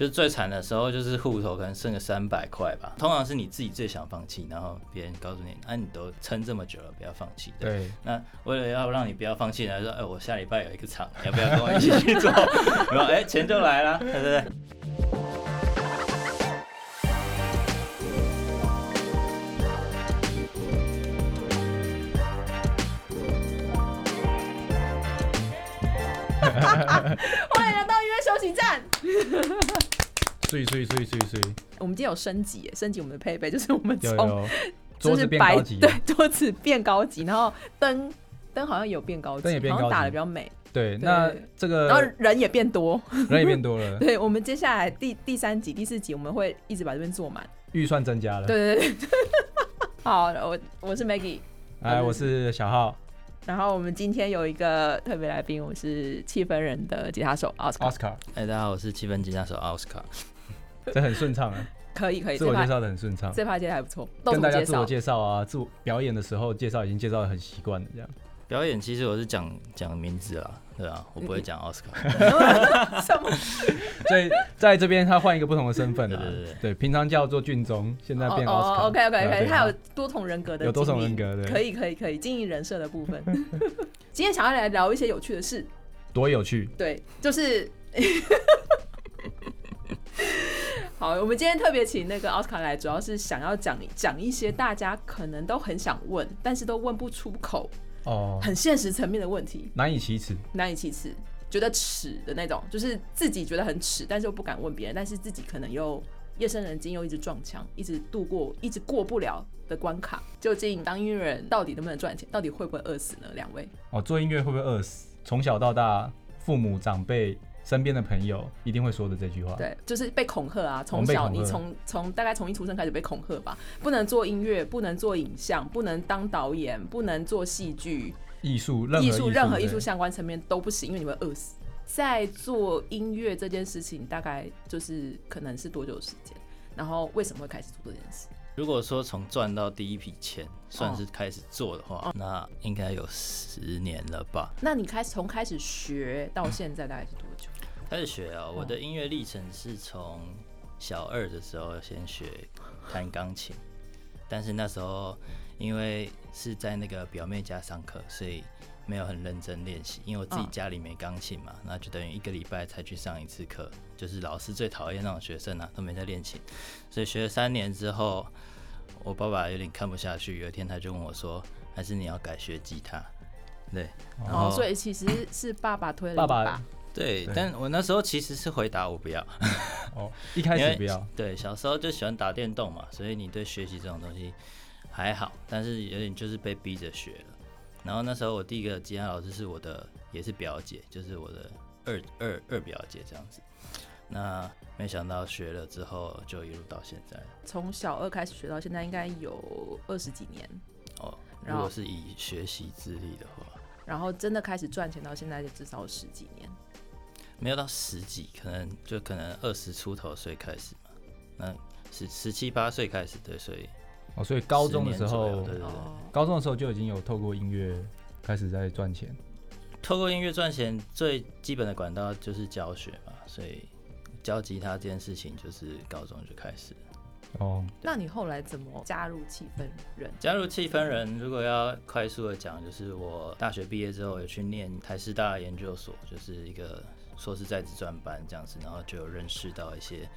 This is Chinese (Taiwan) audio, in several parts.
就是最慘的時候，就是戶頭可能剩個三百塊吧。通常是你自己最想放棄，然後別人告訴你，那、啊、你都撐這麼久了，不要放棄。對。那為了要讓你不要放棄，然後說，哎、欸，我下禮拜有一個場，要不要跟我一起去做？然 後，哎、欸，錢就來了，對不對？碎碎碎碎碎！我們今天有升級耶，升級我們的配備，就是我們從桌子變高級，對，桌子變高級，然後燈燈好像有變高級，燈也變高級，好像打的比較美。對，對，對，對，那這個然後人也變多，人也變多了。 對我們接下來第第三集、第四集，我們會一直把這邊坐滿，預算增加了。對對對，對， 好，我我是 Maggie，哎，Hi, 我是小浩。然後我們今天有一個特別來賓，我是氣氛人的吉他手 Oscar。哎，欸、大家好，我是氣氛吉他手 Oscar。 這很順暢啊， 可以可以，自我介紹的很順暢，這話接的還不錯。跟大家自我介紹啊，自我表演的時候介紹已經介紹的很習慣了，這樣。表演其實我是講講名字啦對啊，我不會講奧斯卡。 什麼？所以在這邊他換一個不同的身份了。對對對，對，對平常叫做俊宗，現在變奧、oh, oh, OK OK OK，, okay 他有多重人格的。有多重人格的。可以可以可以，經營人設的部分。 今天想要來聊一些有趣的事。多有趣？對，就是。 好，我們今天特別請那個奧斯卡來，主要是想要講講一些大家可能都很想問，但是都問不出口。哦、oh，，很現實層面的問題，難以啟齒，難以啟齒，覺得恥的那種，就是自己覺得很恥，但是又不敢問別人，但是自己可能又夜深人靜又一直撞牆，一直度過，一直過不了的關卡，究竟當音樂人到底能不能賺錢，到底會不會餓死呢？兩位，哦、oh，，做音樂會不會餓死？從小到大，父母長輩。身邊的朋友一定會說的這句話。對，就是被恐嚇啊！從小你從從大概從一出生開始被恐嚇吧，不能做音樂，不能做影像，不能當導演，不能做戲劇，藝術、藝術任何藝術相關層面都不行，因為你會餓死。在做音樂這件事情，大概就是可能是多久時間？然後為什麼會開始做這件事？如果說從賺到第一筆錢算是開始做的話，哦、那應該有十年了吧？那你開始從開始學到現在大概是多久的？嗯開始學啊！我的音樂歷程是從小二的時候先學彈鋼琴，但是那時候因為是在那個表妹家上課，所以沒有很認真練習。因為我自己家裡沒鋼琴嘛，oh. 那就等於一個禮拜才去上一次課。就是老師最討厭那種學生啊，都沒在練琴。所以學了三年之後，我爸爸有點看不下去，有一天他就問我說：“還是你要改學吉他？”對，哦、oh.，然後，所以其實是爸爸推了你吧。爸爸對，對，但我那時候其實是回答我不要，哦，一開始不要，對，小時候就喜歡打電動嘛，所以你對學習這種東西還好，但是有點就是被逼着學了。然後那時候我第一個吉他老師是我的，也是表姐，就是我的二二二表姐這樣子。那沒想到學了之後就一路到現在，從小二開始學到現在應該有二十幾年。哦，如果是以學習資歷的話，然後真的開始賺錢到現在就至少十幾年。沒有到十幾，可能就可能二十出頭歲開始嘛，那是十七八歲開始對，所以哦，所以高中的時候，對對，高中的時候就已經有透過音樂開始在賺錢。透過音樂賺錢最基本的管道就是教學嘛，所以教吉他這件事情就是高中就開始了。哦，那你後來怎麼加入氣氛人？加入氣氛人，如果要快速的講，就是我大學畢業之後有去念台師大研究所，就是一個。說是在職專班這樣子，然後就有認識到一些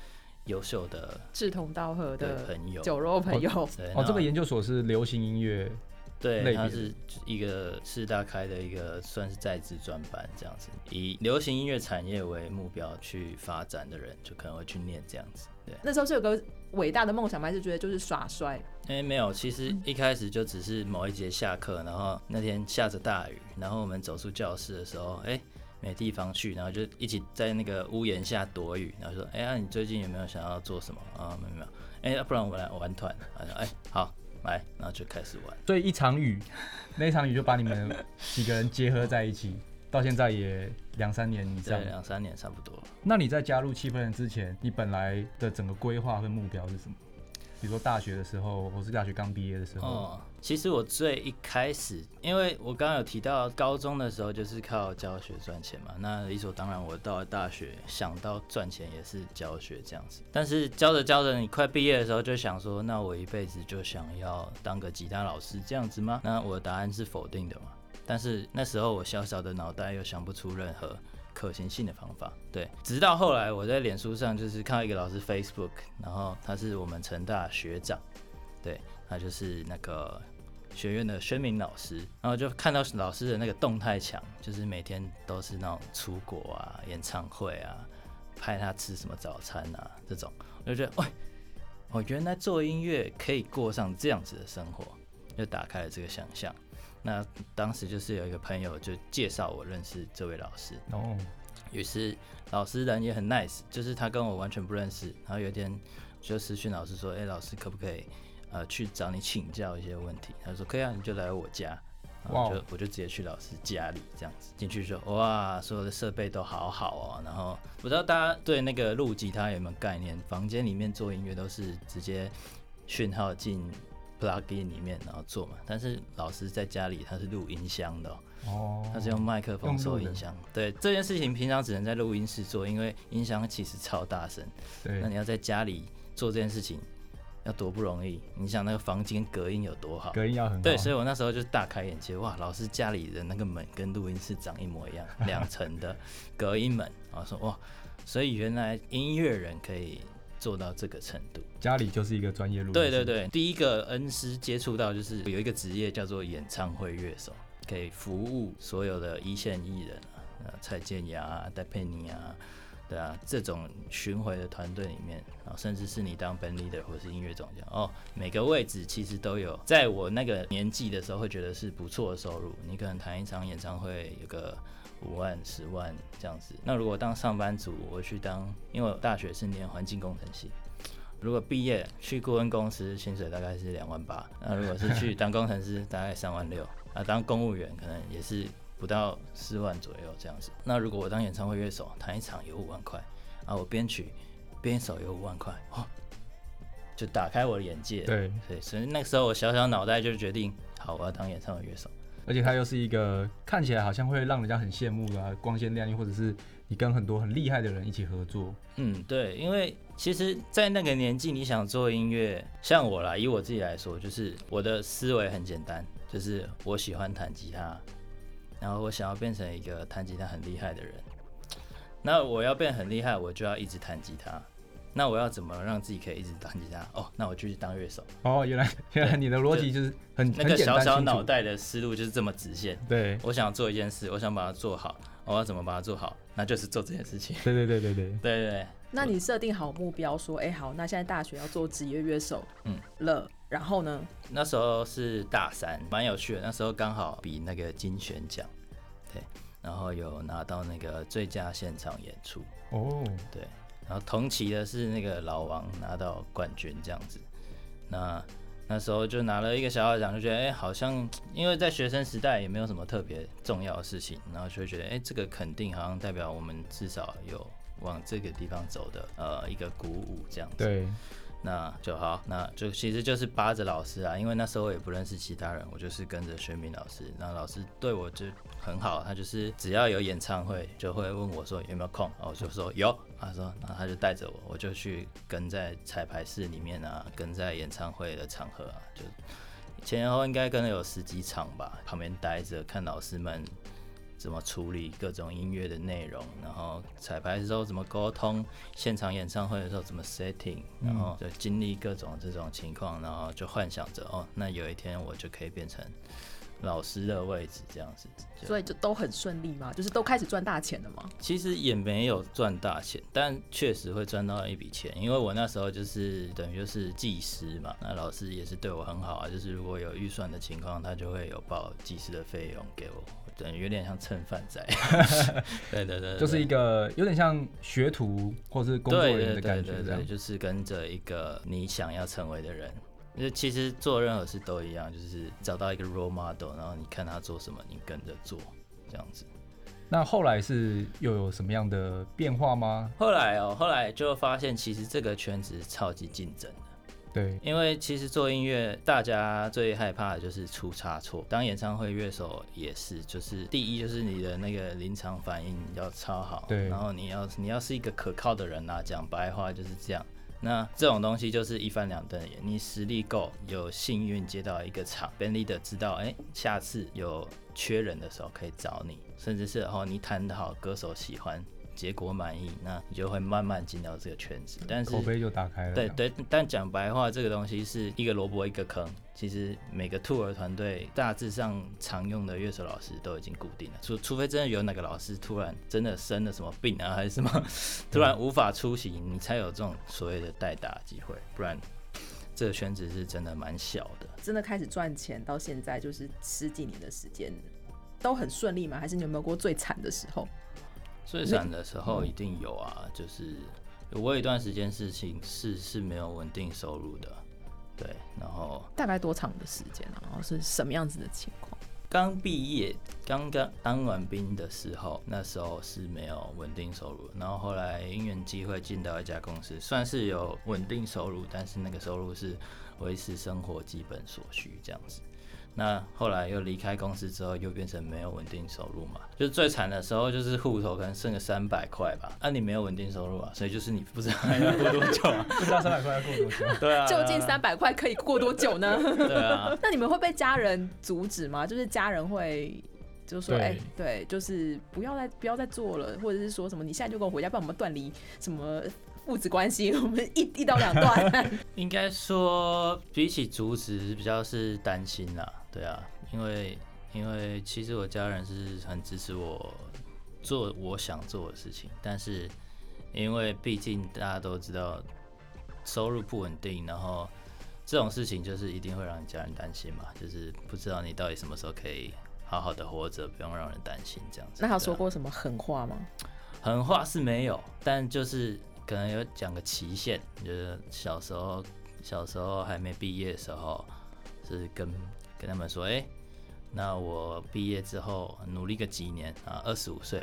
優秀的志同道合的朋友、酒肉朋友哦。哦，這個研究所是流行音樂，對，它是一個師大開的一個算是在職專班這樣子，以流行音樂產業為目標去發展的人，就可能會去念這樣子。對，那時候是有個偉大的夢想嗎？還是覺得就是耍帥？因、欸、為沒有，其實一開始就只是某一節下課，然後那天下着大雨，然後我們走出教室的時候，哎、欸。沒地方去，然後就一起在那個屋檐下躲雨，然後就說：哎、欸、呀，啊、你最近有沒有想要做什麼啊？沒有，哎，欸啊、不然我們來玩團，哎、欸，好，來，然後就開始玩。所以一場雨，那一場雨就把你們幾個人結合在一起， 到現在也兩三年你知道，這樣兩三年差不多。那你在加入氣氛人之前，你本來的整個規劃和目標是什麼？比如說大學的時候，或是大學剛畢業的時候。Oh. 其實我最一開始，因為我剛剛有提到高中的時候就是靠教學賺錢嘛，那理所當然我到了大學想到賺錢也是教學這樣子。但是教着教着，你快畢業的時候就想說，那我一輩子就想要當個吉他老師這樣子嗎？那我的答案是否定的嘛。但是那時候我小小的腦袋又想不出任何可行性的方法。對，直到後來我在臉書上就是看到一個老師 Facebook，然後他是我們成大學長，對，他就是那個。學院的宣明老師，然後就看到老師的那個動態牆，就是每天都是那種出國啊、演唱會啊，拍他吃什麼早餐啊這種，我就覺得，喂、哦，我原來做音樂可以過上這樣子的生活，就打開了這個想象。那當時就是有一個朋友就介紹我認識這位老師，哦、oh.，於是老師人也很 nice，就是他跟我完全不認識，然後有一天就私訊老師說，哎、欸，老師可不可以？呃，去找你請教一些問題，他說可以啊，你就來我家，wow. 啊，就我就直接去老師家裡這樣子進去說，哇，所有的設備都好好哦，喔，然後不知道大家對那個錄吉他有沒有概念？房間裡面做音樂都是直接訊號進 plug in 裡面然後做嘛，但是老師在家裡他是錄音箱的哦，喔，oh, 他是用麥克風收音箱，對，這件事情平常只能在錄音室做，因為音箱其實超大聲，對，那你要在家裡做這件事情。要多不容易！你想那個房間隔音有多好？隔音要很好，對，所以我那時候就大開眼界，哇！老師家裡的那個門跟錄音室長一模一樣， 兩層的隔音門啊，然後說哇，所以原來音樂人可以做到這個程度，家裡就是一個專業錄音室。對對對，第一個恩師接觸到就是有一個職業叫做演唱會樂手，可以服務所有的一線藝人、啊、蔡健雅、啊、戴佩妮啊。啊，這種巡迴的團隊裡面，啊，甚至是你當 band leader 或是音樂總監，哦，每個位置其實都有。在我那個年紀的時候，會覺得是不錯的收入。你可能彈一場演唱會有個五萬、十萬這樣子。那如果當上班族，我去當，因為我大學是念環境工程系，如果畢業去顧問公司，薪水大概是兩萬八；那如果是去當工程師， 大概三萬六；啊，當公務員可能也是。不到四萬左右這樣子。那如果我當演唱會樂手，彈一場有五萬塊啊！我編曲編一首有五萬塊，哦，就打開我的眼界。對對，所以那個時候我小小腦袋就決定，好，我要當演唱會樂手。而且他又是一個看起來好像會讓人家很羨慕啊，光鮮亮麗，或者是你跟很多很厲害的人一起合作。嗯，對，因為其實，在那個年紀，你想做音樂，像我啦，以我自己來說，就是我的思維很簡單，就是我喜歡彈吉他。然後我想要變成一個彈吉他很厲害的人，那我要變很厲害，我就要一直彈吉他。那我要怎麼讓自己可以一直彈吉他？哦、oh，那我就去當樂手。哦，原來原來你的邏輯就是很，就很，就那個小小腦袋的思路就是這麼直線。對，我想做一件事，我想把它做好，我要怎麼把它做好？那就是做這件事情。對對對對對對，對對。那你設定好目標，說，欸，好，那現在大學要做職業樂手，嗯，了，然後呢？那時候是大三，蠻有趣的。那時候剛好比那個金旋獎，對，然後有拿到那個最佳現場演出，哦，對，然後同期的是那個老王拿到冠軍，這樣子。那那時候就拿了一個小小獎，就覺得，欸，好像因為在學生時代也沒有什麼特別重要的事情，然後就會覺得，欸，這個肯定好像代表我們至少有。往這個地方走的，呃，一個鼓舞這樣子，對，那就好，那就其實就是扒着老師啊，因為那時候我也不認識其他人，我就是跟着薛明老師，那老師對我就很好，他就是只要有演唱會就會問我說有沒有空，然後我就說有，他說那他就帶着我，我就去跟在彩排室裡面啊，跟在演唱會的場合啊，就前前後後應該跟了有十幾場吧，旁邊待着看老師們。怎麼處理各種音樂的內容，然後彩排的時候怎麼溝通，現場演唱會的時候怎麼 setting，然後就經歷各種這種情況，然後就幻想着哦，那有一天我就可以變成老師的位置這樣子。所以就都很順利嗎？就是都開始賺大錢了嗎？其實也沒有賺大錢，但確實會賺到一筆錢。因為我那時候就是等於就是技師嘛，那老師也是對我很好啊，就是如果有預算的情況，他就會有報技師的費用給我。等於有點像蹭飯仔。 對，對，對，對對對， 就是一個有點像學徒或是工作人員的感覺，對，對，對，對，對，對，就是跟着一個你想要成為的人。其實做任何事都一樣，就是找到一個 role model，然後你看他做什麼，你跟着做這樣子。那後來是又有什麼樣的變化嗎？後來哦，後來就發現其實這個圈子超級競爭。對，因為其實做音樂，大家最害怕的就是出差錯。當演唱會樂手也是，就是第一就是你的那個臨場反應要超好，對，然後你要你要是一個可靠的人啊，講白話就是這樣。那這種東西就是一翻兩瞪眼，你實力夠，有幸運接到一個場，被 leader 知道，哎，下次有缺人的時候可以找你，甚至是哦，你彈得好，歌手喜歡。結果滿意，那你就會慢慢進到這個圈子，但是口碑就打開了。對，對對，但講白話，這個東西是一個蘿蔔一個坑。其實每個兔兒團隊大致上常用的樂手老師都已經固定了，除除非真的有哪個老師突然真的生了什麼病啊，還是什麼，突然無法出席，你才有這種所謂的代打機會。不然這個圈子是真的蠻小的。真的開始賺錢到現在就是十幾年的時間，都很順利嗎？還是你有沒有過最慘的時候？最慘的時候一定有啊，嗯、就是我有一段時間事情是是沒有穩定收入的，對，然後大概多長的時間，然後是什麼樣子的情況？剛畢業，剛剛當完兵的時候，那時候是沒有穩定收入，然後後來因緣際會進到一家公司，算是有穩定收入，但是那個收入是維持生活基本所需這樣子。.那後來又離開公司之後，又變成沒有穩定收入嘛？就最慘的時候，就是戶頭可能剩個三百塊吧，啊。那你沒有穩定收入啊，所以就是你不知道還要過多久啊？ 不知道三百塊要過多久，啊？對啊，究竟三百塊可以過多久呢？ 對啊對。啊， 那你們會被家人阻止嗎？就是家人會，就是說，哎，對，對，就是不要再不要再做了，或者是說什麼，你現在就跟我回家，不然我們斷離什麼？父子關係，我們一一刀兩斷。應該說，比起阻止，比較是擔心啦。對啊，因為因為其實我家人是很支持我做我想做的事情，但是因為畢竟大家都知道收入不穩定，然後這種事情就是一定會讓你家人擔心嘛，就是不知道你到底什麼時候可以好好的活着，不用讓人擔心這樣子。啊、那他說過什麼狠話嗎？狠話是沒有，但就是。可能有講個期限，就是小時候，小時候還沒畢業的時候，是跟跟他們說：“哎、欸，那我畢業之後努力個幾年啊，二十五歲，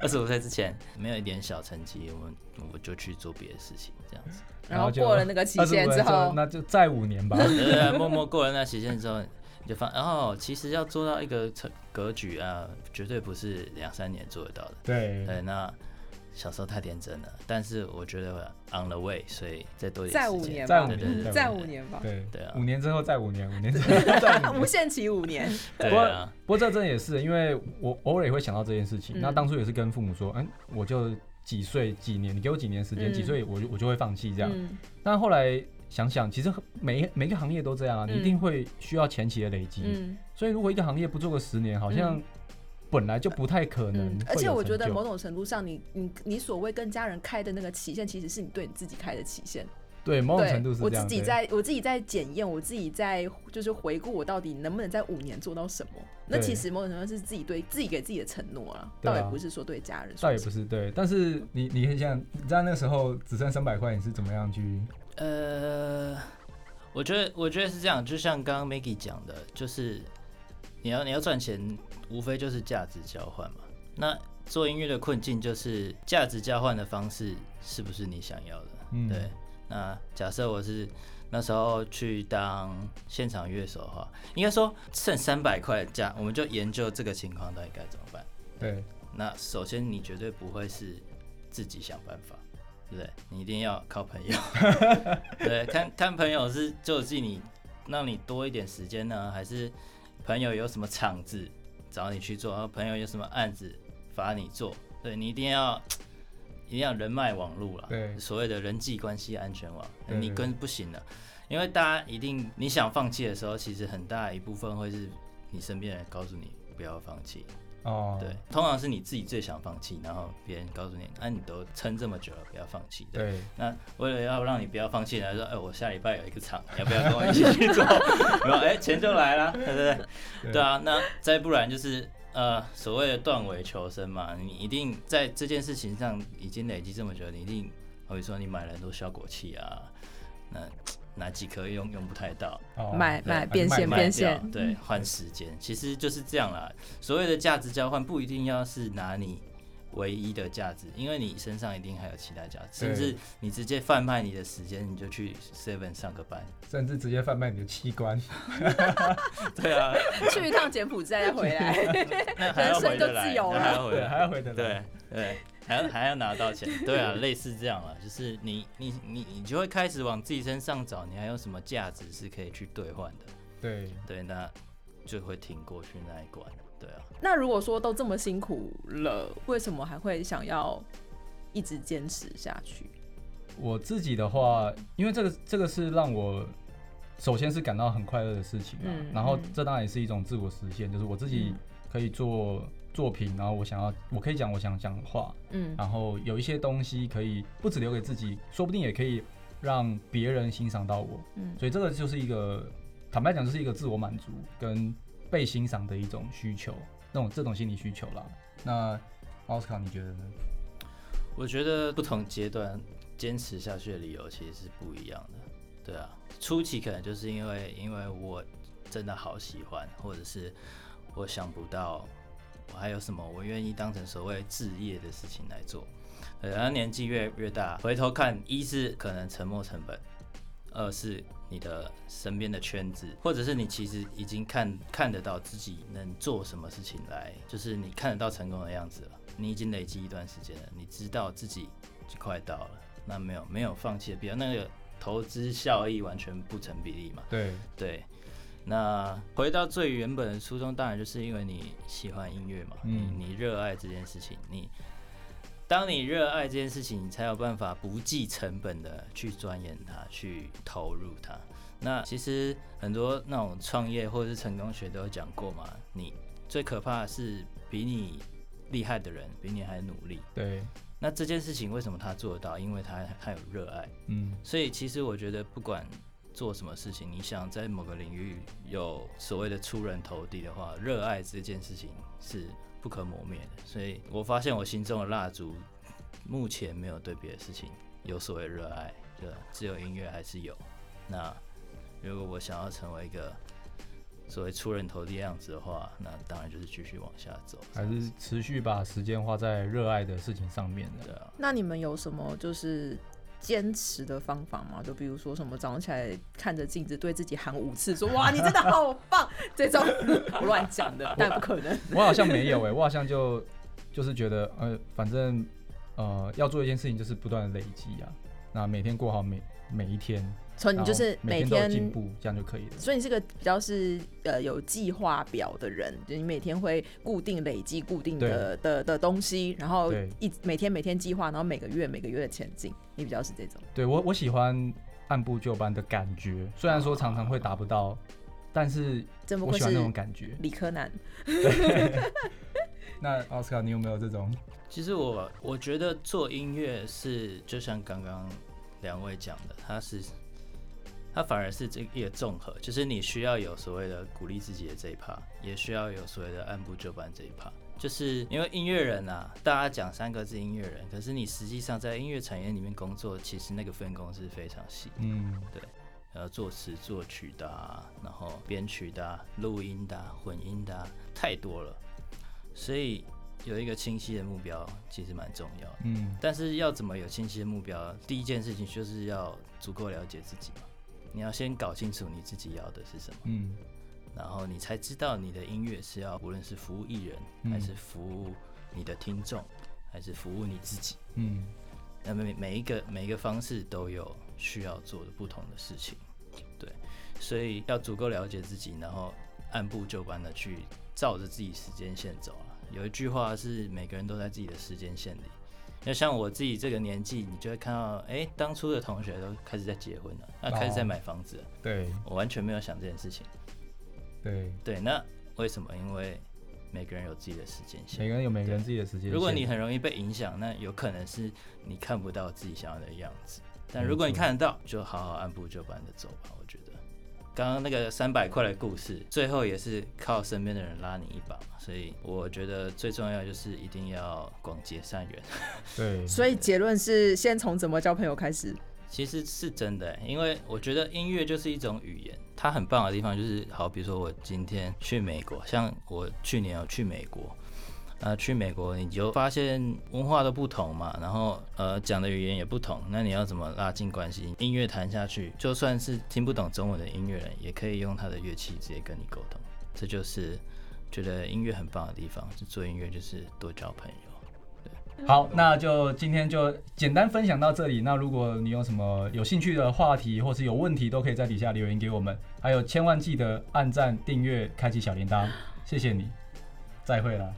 二十五歲之前沒有一點小成績，我我就去做別的事情，這樣子。”然後過了那個期限之後，後之後那就再五年吧對對對，默默過了那個期限之後， 你就發。然、哦、其實要做到一個成格局啊，絕對不是兩三年做得到的。對對，那。小時候太天真了，但是我覺得 on the way，所以再多一點再五年，對對對。再五年，對對對，再五年吧。對對、啊，五年之後再五年， 五年之後再五年， 無限期五年。對啊、不過不過這真的也是，因為我偶爾也會想到這件事情、嗯。那當初也是跟父母說，嗯，我就幾歲幾年，你給我幾年時間、嗯，幾歲我就我就會放棄這樣、嗯。但後來想想，其實每每個行業都這樣啊，你一定會需要前期的累積。嗯。所以如果一個行業不做個十年，好像、嗯。本來就不太可能，嗯，而且我覺得某種程度上你、你你你所謂跟家人開的那個期限，其實是你對你自己開的期限。對，某種程度是這樣。我自己在，我自己在檢驗，我自己在就是回顧我到底能不能在五年做到什麼。那其實某種程度上是自己對自己給自己的承諾了，啊，倒也，啊，不是說對家人說。倒也不是對，但是你你很想，你知道那時候只剩三百塊，你是怎麼樣去？呃，我覺得我覺得是這樣，就像剛剛 Maggie 講的，就是。你要你要賺錢，無非就是價值交換嘛。那做音樂的困境就是價值交換的方式是不是你想要的？嗯、對。那假設我是那時候去當現場樂手的話，應該說剩三百塊的價，我們就研究這個情況到底該怎麼辦？對。那首先你絕對不會是自己想辦法，對不對？你一定要靠朋友。 對，看看朋友是救濟你，讓你多一點時間呢，還是？朋友有什麼場子找你去做，然後朋友有什麼案子發你做。對，你一定要一定要人脈網絡了，所謂的人際關係安全網，你跟不行的。因為大家一定你想放棄的時候，其實很大一部分會是你身邊人告訴你不要放棄。哦、oh.，對，通常是你自己最想放棄，然後別人告訴你，哎，你都撐這麼久了，不要放棄。對，那為了要讓你不要放棄呢，說，哎、欸，我下禮拜有一個場，要不要跟我一起去做？然後 哎、欸，錢就來了，對不對？對啊，那再不然就是呃，所謂的斷尾求生嘛，你一定在這件事情上已經累積這麼久了，你一定，會說你買了很多效果器啊，那。哪幾可以用用不太到？買買變現變現，對，換時間，其實就是這樣啦。所有的價值交換，不一定要是拿你唯一的價值，因為你身上一定還有其他價值。甚至你直接販賣你的時間，你就去 Seven 上個班，甚至直接販賣你的器官。 對啊， 去一趟柬埔寨再，再回來， 回來 人生就自由了。還 對，還要回得來。對，對還要還要拿到錢，對啊， 類似這樣啊，就是你你你你就會開始往自己身上找，你還有什麼價值是可以去兌換的，對對，那就會挺過去那一關，對啊。那如果說都這麼辛苦了，為什麼還會想要一直堅持下去？我自己的話，因為這個這個是讓我首先是感到很快樂的事情啊，啊、嗯，然後這當然也是一種自我實現，就是我自己、嗯。可以做作品，然後我想要，我可以講我想講的話，嗯，然後有一些東西可以不止留給自己，說不定也可以讓別人欣賞到我，嗯，所以這個就是一個坦白講，就是一個自我滿足跟被欣賞的一種需求，那種這種心理需求啦。那奧斯卡，Oscar，你覺得呢？我覺得不同階段堅持下去的理由其實是不一樣的。對啊，初期可能就是因為因為我真的好喜歡，或者是。我想不到，我還有什麼？我願意當成所謂志業的事情來做。呃，然後年紀越越大，回頭看，一是可能沉沒成本，二是你的身邊的圈子，或者是你其實已經看看得到自己能做什麼事情來，就是你看得到成功的樣子了。你已經累積一段時間了，你知道自己就快到了。那沒有沒有放棄的必要，比較那個投資效益完全不成比例嘛？對對。那回到最原本的初衷，當然就是因為你喜歡音樂嘛，嗯、你你熱愛這件事情，你當你熱愛這件事情，你才有辦法不計成本的去鑽研它，去投入它。那其實很多那種創業或者是成功學都有講過嘛，你最可怕的是比你厲害的人比你還努力。對，那這件事情為什麼他做得到？因為他他有熱愛。嗯，所以其實我覺得不管，做什麼事情，你想在某個領域有所謂的出人頭地的話，熱愛這件事情是不可磨滅的。所以我發現我心中的蠟燭，目前沒有對別的事情有所謂熱愛，對只有音樂還是有。那如果我想要成為一個所謂出人頭地的樣子的話，那當然就是繼續往下走，還是持續把時間花在熱愛的事情上面的。對啊。那你們有什麼就是堅持的方法嘛，就比如說什麼，早上起來看着鏡子，對自己喊五次，說：“ 哇，你真的好棒！” 這種不亂講的， 但不可能。我，我好像沒有誒、欸， 我好像就就是覺得，呃，反正呃，要做一件事情，就是不斷的累積呀、啊，那每天過好每每一天。所以你就是每天進步，這樣就可以了。所以你是個比較是呃有計劃表的人，就是、你每天會固定累積固定的的的東西，然後一,一每天每天計劃，然後每個月每個月前進，你比較是這種。對，我我喜歡按部就班的感覺，雖然說常常會達不到，哦，但是我喜歡那種感覺。理科男。 那奧斯卡，你有沒有這種？其實我我覺得做音樂是就像剛剛兩位講的，他是。它反而是這一個綜合，就是你需要有所謂的鼓勵自己的這一趴，也需要有所謂的按部就班這一趴。就是因為音樂人啊，大家講三個字音樂人，可是你實際上在音樂產業裡面工作，其實那個分工是非常細。嗯，對，然後作詞作曲的、啊，然後編曲的、啊，錄音的、啊，混音的、啊，太多了。所以有一個清晰的目標其實蠻重要的。嗯，但是要怎麼有清晰的目標？第一件事情就是要足夠了解自己。你要先搞清楚你自己要的是什麼，嗯，然後你才知道你的音樂是要無論是服務藝人，嗯，還是服務你的聽眾，還是服務你自己，嗯，那每每一個每一個方式都有需要做的不同的事情，對，所以要足夠了解自己，然後按部就班地去照着自己時間線走，啊，有一句話是每個人都在自己的時間線裡。那像我自己這個年紀，你就會看到，哎、欸，當初的同學都開始在結婚了，那、啊、開始在買房子了。對，我完全沒有想這件事情。對對，那為什麼？因為每個人有自己的時間線，每個人有每個人自己的時間線。如果你很容易被影響，那有可能是你看不到自己想要的樣子。但如果你看得到，就好好按部就班的走吧，我覺得。剛剛那個三百塊的故事，最後也是靠身邊的人拉你一把，所以我覺得最重要就是一定要廣結善緣。對， 所以結論是先從怎麼交朋友開始？其實是真的欸，因為我覺得音樂就是一種語言，它很棒的地方就是，好比如說我今天去美國，像我去年有去美國。啊，去美國你就發現文化都不同嘛，然後呃，講的語言也不同，那你要怎麼拉近關係？音樂彈下去，就算是聽不懂中文的音樂人，也可以用他的樂器直接跟你溝通。這就是覺得音樂很棒的地方，就做音樂就是多交朋友。對，好，那就今天就簡單分享到這裡。那如果你有什麼有興趣的話題，或是有問題，都可以在底下留言給我們。還有千萬記得按讚、訂閱、開啟小鈴鐺，謝謝你。再會了。